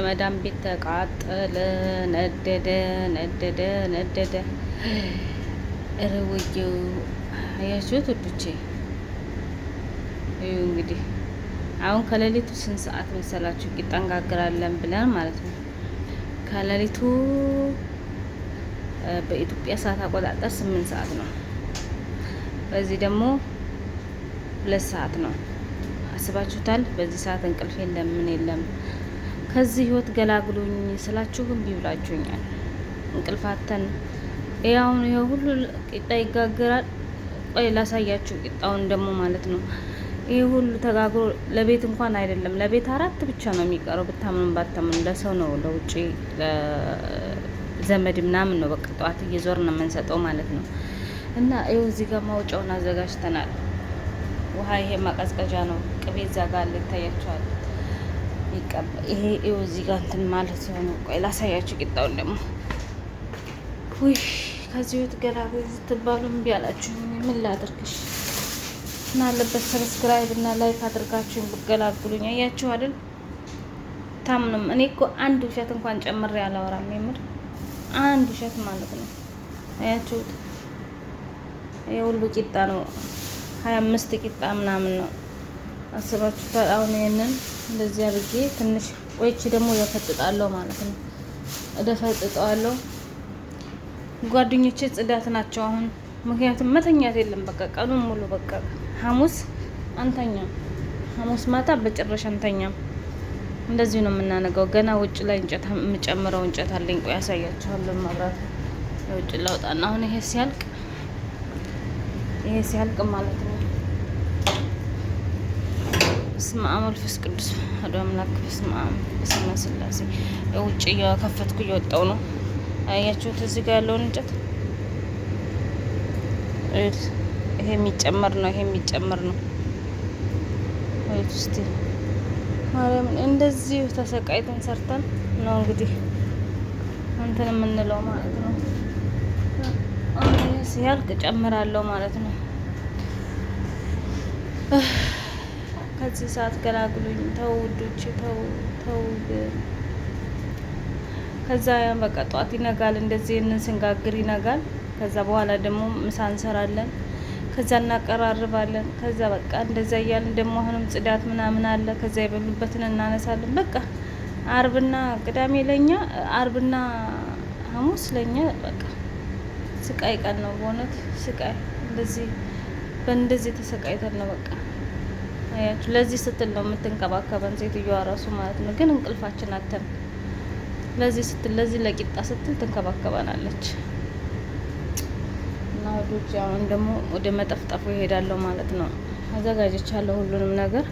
የመዳም ቤት ተቃጠለ፣ ነደደ፣ ነደደ፣ ነደደ። እርውዬው አያችሁት ውዶቼ፣ እዩ እንግዲህ አሁን ከሌሊቱ ስንት ሰዓት መሰላችሁ? ቂጣ እንጋግራለን ብለን ማለት ነው። ከሌሊቱ በኢትዮጵያ ሰዓት አቆጣጠር ስምንት ሰዓት ነው። በዚህ ደግሞ ሁለት ሰዓት ነው። አስባችሁታል? በዚህ ሰዓት እንቅልፍ የለም ምን የለም። ከዚህ ህይወት ገላግሎኝ ስላችሁ እምቢ ብላችሁኛል። እንቅልፋተን ያሁን ይሄ ሁሉ ቂጣ ይጋገራል። ቆይ ላሳያችሁ ቂጣውን ደግሞ ማለት ነው። ይሄ ሁሉ ተጋግሮ ለቤት እንኳን አይደለም፣ ለቤት አራት ብቻ ነው የሚቀረው። ብታምኑም ባታምኑ ለሰው ነው፣ ለውጭ ዘመድ ምናምን ነው። በቃ ጠዋት እየዞር ነው የምንሰጠው ማለት ነው። እና ይኸው እዚህ ጋር ማውጫውን አዘጋጅተናል። ውሃ ይሄ ማቀዝቀዣ ነው። ቅቤ እዛ ጋር ይታያቸዋል። ይቀባ። ይሄ ይኸው እዚህ ጋር እንትን ማለት ሆነ። ቆይ ላሳያችሁ ቂጣውን ደግሞ። ውይ ከዚህ ወጥ ገላ ስትባሉ እምቢ አላችሁ። ምን ላድርግሽ? ምን አለበት ሰብስክራይብ እና ላይክ አድርጋችሁ ብገላግሉኝ። አያችሁ አይደል? ታምኑም። እኔ እኮ አንድ ውሸት እንኳን ጨምሬ አላወራም። የምር አንድ ውሸት ማለት ነው። አያችሁት? ይሄ ቂጣ ነው። ሀያ አምስት ቂጣ ምናምን ነው አስባችሁታል። አሁን ይሄንን እንደዚህ አድርጌ ትንሽ ቆይቼ ደግሞ እደፈጥጣለሁ ማለት ነው። እደፈጥጠዋለሁ። ጓደኞቼ ጽዳት ናቸው አሁን፣ ምክንያቱም መተኛት የለም በቃ ቀኑን ሙሉ በቃ ሐሙስ አንተኛም፣ ሐሙስ ማታ በጭራሽ አንተኛም። እንደዚህ ነው የምናነገው። ገና ውጭ ላይ እንጨት የምጨምረው እንጨት አለኝ። ቆይ ያሳያችኋለሁ። መብራት የውጭ ላውጣና አሁን ይሄ ሲያልቅ ይሄ ሲያልቅ ማለት ነው በስመ አብ ወመንፈስ ቅዱስ አሐዱ አምላክ በስመ አብ በስመ ስላሴ። ውጭ እየከፈትኩ እየወጣው ነው። አያችሁት? እዚህ ጋር ያለውን እንጨት ይሄ የሚጨመር ነው። ይሄ የሚጨመር ነው። ወይት እስቲ ማርያም እንደዚህ ተሰቃይተን ሰርተን ነው እንግዲህ እንትን የምንለው ማለት ነው። አሁን ሲያልቅ ጨምራለሁ ማለት ነው። ከዚህ ሰዓት ገላግሉኝ። ተው ውዶች፣ ተው ተው። ከዛ በቃ ጧት ይነጋል፣ እንደዚህ ስንጋግር ይነጋል። ከዛ በኋላ ደግሞ ምሳ እንሰራለን፣ ከዛ እናቀራርባለን። ከዛ በቃ እንደዛ እያልን ደግሞ አሁንም ጽዳት ምናምን አለ። ከዛ የበሉበትን እናነሳለን። በቃ አርብና ቅዳሜ ለኛ አርብና ሐሙስ ለኛ በቃ ስቃይ ቀን ነው። በእውነት ስቃይ እንደዚህ በእንደዚህ ተሰቃይተን ነው በቃ አያችሁ፣ ለዚህ ስትል ነው የምትንከባከበን ሴትዮዋ ራሱ ማለት ነው። ግን እንቅልፋችን አተን ለዚህ ስትል ለዚህ ለቂጣ ስትል ትንከባከበናለች። እና ወዶች አሁን ደግሞ ወደ መጠፍጠፉ ይሄዳለሁ ማለት ነው። አዘጋጀቻለሁ ሁሉንም ነገር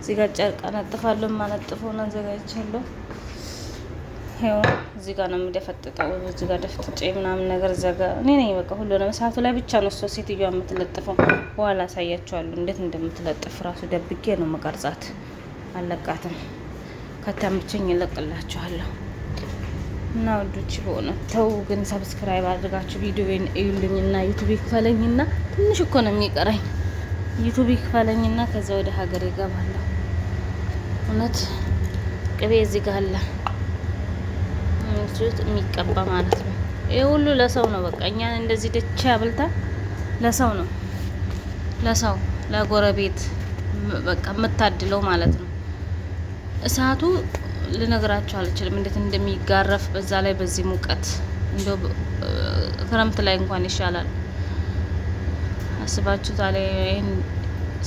እዚህ ጋር ጨርቅ አነጥፋለሁ። የማነጥፈውን አዘጋጀቻለሁ። ይኸው እዚህ ጋር ነው የሚደፈጥጠው። እዚህ ጋር ደፍጥጬ ምናምን ነገር ዘጋ እኔ ነኝ በቃ ሁሉንም። ሰዓቱ ላይ ብቻ ነው እሷ ሴትዮዋ የምትለጥፈው። በኋላ አሳያቸዋለሁ እንዴት እንደምትለጥፍ ራሱ ደብቄ ነው መቀርጻት። አለቃትም ከተምችኝ ይለቅላችኋለሁ። እና ወዶች በሆነ ተው ግን ሰብስክራይብ አድርጋችሁ ቪዲዮን እዩልኝና ዩቲዩብ ይክፈለኝና ትንሽ እኮ ነው የሚቀረኝ። ዩቲዩብ ይክፈለኝና ከዛ ወደ ሀገር ይገባለሁ። እውነት ቅቤ እዚህ ጋር አለ። ምንጭት የሚቀባ ማለት ነው። ይህ ሁሉ ለሰው ነው። በቃ እኛ እንደዚህ ደቻ ብልታ ለሰው ነው፣ ለሰው ለጎረቤት በቃ የምታድለው ማለት ነው። እሳቱ ልነግራቸው አልችልም እንዴት እንደሚጋረፍ በዛ ላይ በዚህ ሙቀት እንዲያው ክረምት ላይ እንኳን ይሻላል። አስባችሁ ታዲያ ይህን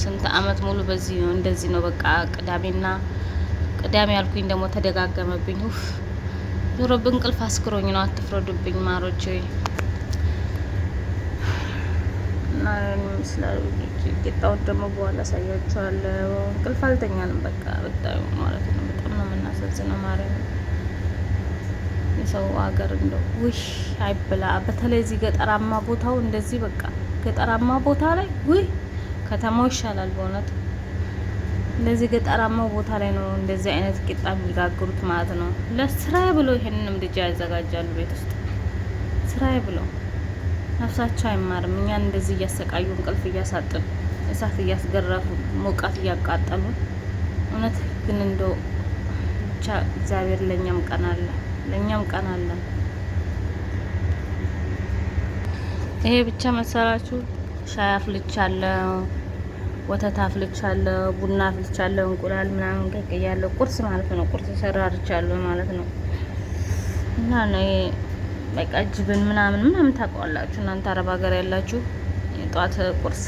ስንት አመት ሙሉ በዚህ ነው እንደዚህ ነው በቃ ቅዳሜና ቅዳሜ ያልኩኝ ደግሞ ተደጋገመብኝ። ውፍ ኑሮ በእንቅልፍ አስክሮኝ ነው። አትፍረዱብኝ ማሮች ወይ እና ይመስላል። ቂጣውን ደግሞ በኋላ አሳያችኋለሁ። እንቅልፍ አልተኛንም በቃ በጣም ማለት ነው። በጣም ነው የምናሳዝነው። ማርያም የሰው ሀገር እንደው ውሽ አይበላ። በተለይ እዚህ ገጠራማ ቦታው እንደዚህ በቃ ገጠራማ ቦታ ላይ ውይ ከተማው ይሻላል በእውነት። እንደዚህ ገጠራማው ቦታ ላይ ነው እንደዚህ አይነት ቂጣ የሚጋግሩት ማለት ነው። ለስራ ብሎ ይሄንን ምድጃ ያዘጋጃሉ ቤት ውስጥ ስራ ብሎ ነፍሳቸው አይማርም። እኛን እንደዚህ እያሰቃዩ እንቅልፍ እያሳጥን እሳት እያስገረፉ ሞቃት እያቃጠሉ እውነት ግን እንደው ብቻ እግዚአብሔር ለእኛም ቀን አለ፣ ለእኛም ቀን አለ። ይሄ ብቻ መሰላችሁ ሻይ አፍልቻለሁ። ወተት አፍልቻለሁ፣ ቡና አፍልቻለሁ፣ እንቁላል ምናምን ቀቅያለሁ። ቁርስ ማለት ነው። ቁርስ ሰራርቻለሁ ማለት ነው። እና ነው በቃ ጅብን ምናምን ምናምን ታውቀዋላችሁ እናንተ አረብ ሀገር ያላችሁ የጧት ቁርስ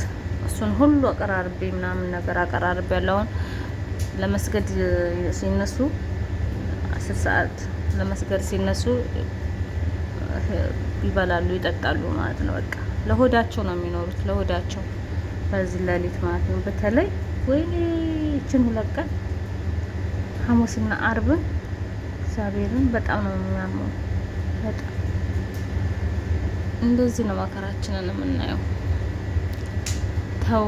እሱን ሁሉ አቀራርቤ ምናምን ነገር አቀራርቤ ያለውን ለመስገድ ሲነሱ አስር ሰዓት ለመስገድ ሲነሱ ይበላሉ ይጠጣሉ ማለት ነው። በቃ ለሆዳቸው ነው የሚኖሩት ለሆዳቸው በዚህ ሌሊት ማለት ነው። በተለይ ወይኔ ይችን ሁለት ቀን ሐሙስና አርብን እግዚአብሔርን በጣም ነው የሚያመው። በጣም እንደዚህ ነው መከራችንን የምናየው። ተው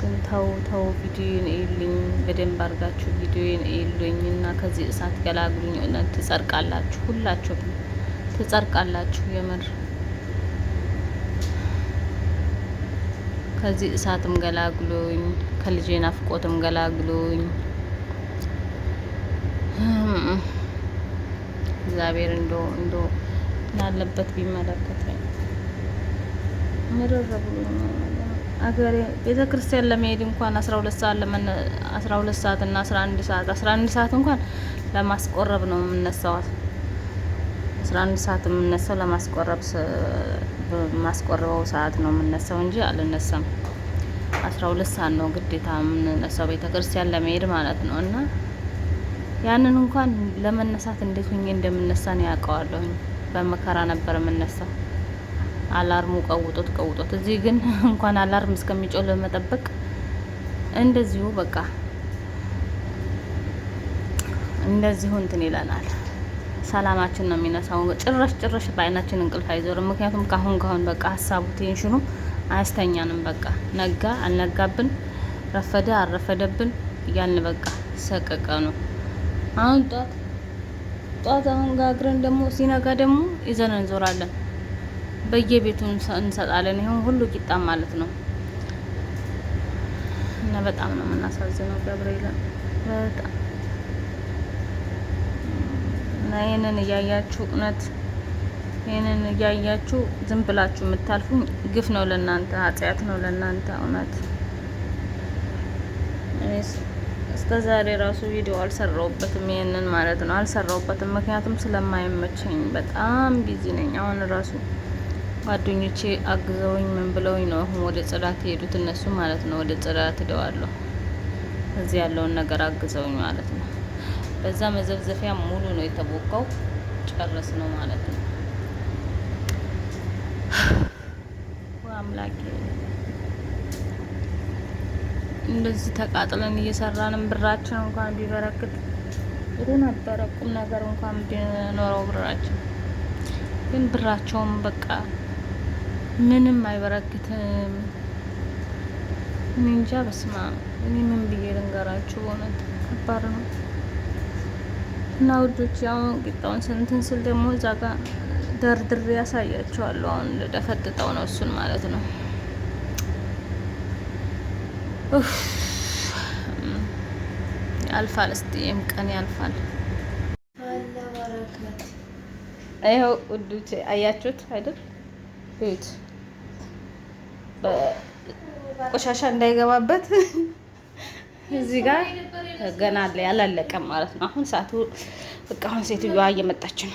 ግን ተው ተው፣ ቪዲዮን እዩልኝ በደንብ አድርጋችሁ ቪዲዮን እዩልኝ እና ከዚህ እሳት ገላግሉኝ። እውነት ትጸድቃላችሁ፣ ሁላችሁም ትጸርቃላችሁ የምር ከዚህ እሳትም ገላግሉኝ፣ ከልጄ ናፍቆትም ገላግሉኝ። እግዚአብሔር እንዶ እንዶ ላለበት ቢመለከተኝ ምርር ብሎኛል። አገሬ ቤተ ክርስቲያን ለመሄድ እንኳን አስራ ሁለት ሰዓት ለመነ አስራ ሁለት ሰዓት እና አስራ አንድ ሰዓት አስራ አንድ ሰዓት እንኳን ለማስቆረብ ነው የምነሳዋት። አስራ አንድ ሰዓት የምነሳው ለማስቆረብ በማስቆርበው ሰዓት ነው የምነሳው እንጂ አልነሳም። አስራ ሁለት ሰዓት ነው ግዴታ የምንነሳው ቤተ ክርስቲያን ለመሄድ ማለት ነው። እና ያንን እንኳን ለመነሳት እንዴት ሁኜ እንደምነሳ ነው ያውቀዋለሁኝ። በመከራ ነበር የምነሳው። አላርሙ ቀውጦት ቀውጦት። እዚህ ግን እንኳን አላርም እስከሚጮህ ለመጠበቅ እንደዚሁ በቃ እንደዚሁ እንትን ይለናል። ሰላማችን ነው የሚነሳው። ጭራሽ ጭራሽ በአይናችን እንቅልፍ አይዞርም። ምክንያቱም ካሁን ካሁን በቃ ሀሳቡ ቴንሽኑ አያስተኛንም። በቃ ነጋ አልነጋብን፣ ረፈደ አልረፈደብን እያልን በቃ ሰቀቀ ነው። አሁን ጧት ጧት አሁን ጋግረን ደግሞ ሲነጋ ደግሞ ይዘን እንዞራለን። በየቤቱ እንሰጣለን። ይሁን ሁሉ ቂጣ ማለት ነው። እና በጣም ነው የምናሳዝነው ገብርኤል በጣም እና ይህንን እያያችሁ እውነት ይህንን እያያችሁ ዝም ብላችሁ የምታልፉኝ ግፍ ነው ለእናንተ፣ ኃጢአት ነው ለእናንተ። እውነት እስከ ዛሬ ራሱ ቪዲዮ አልሰራውበትም፣ ይህንን ማለት ነው አልሰራውበትም። ምክንያቱም ስለማይመቸኝ በጣም ቢዚ ነኝ። አሁን ራሱ ጓደኞቼ አግዘውኝ ምን ብለውኝ ነው አሁን ወደ ጽዳት የሄዱት እነሱ ማለት ነው። ወደ ጽዳት ሄደዋለሁ። እዚህ ያለውን ነገር አግዘውኝ ማለት ነው። በዛ መዘብዘፊያ ሙሉ ነው የተቦካው። ጨረስ ነው ማለት ነው። አምላኬ እንደዚህ ተቃጥለን እየሰራንም ብራችን እንኳን ቢበረክት ጥሩ ነበረ። ቁም ነገር እንኳን ቢኖረው ብራችን ግን ብራቸውም በቃ ምንም አይበረክትም። እኔ እንጃ በስማ እኔ ምን ብዬ ልንገራችሁ? በእውነት ከባድ ነው። እና ውዶች አሁን ቂጣውን ስንትን ስል ደግሞ እዛ ጋር ደርድሬ ያሳያቸዋለሁ። አሁን ልደፈጥጠው ነው እሱን ማለት ነው። ያልፋል፣ እስቲ ይህም ቀን ያልፋል። ይኸው ውዶቼ አያችሁት አይደል? እዩት፣ ቆሻሻ እንዳይገባበት እዚህ ጋር ገና አለ ያላለቀም ማለት ነው። አሁን ሰዓቱ በቃ አሁን ሴትዮዋ እየመጣች ነው።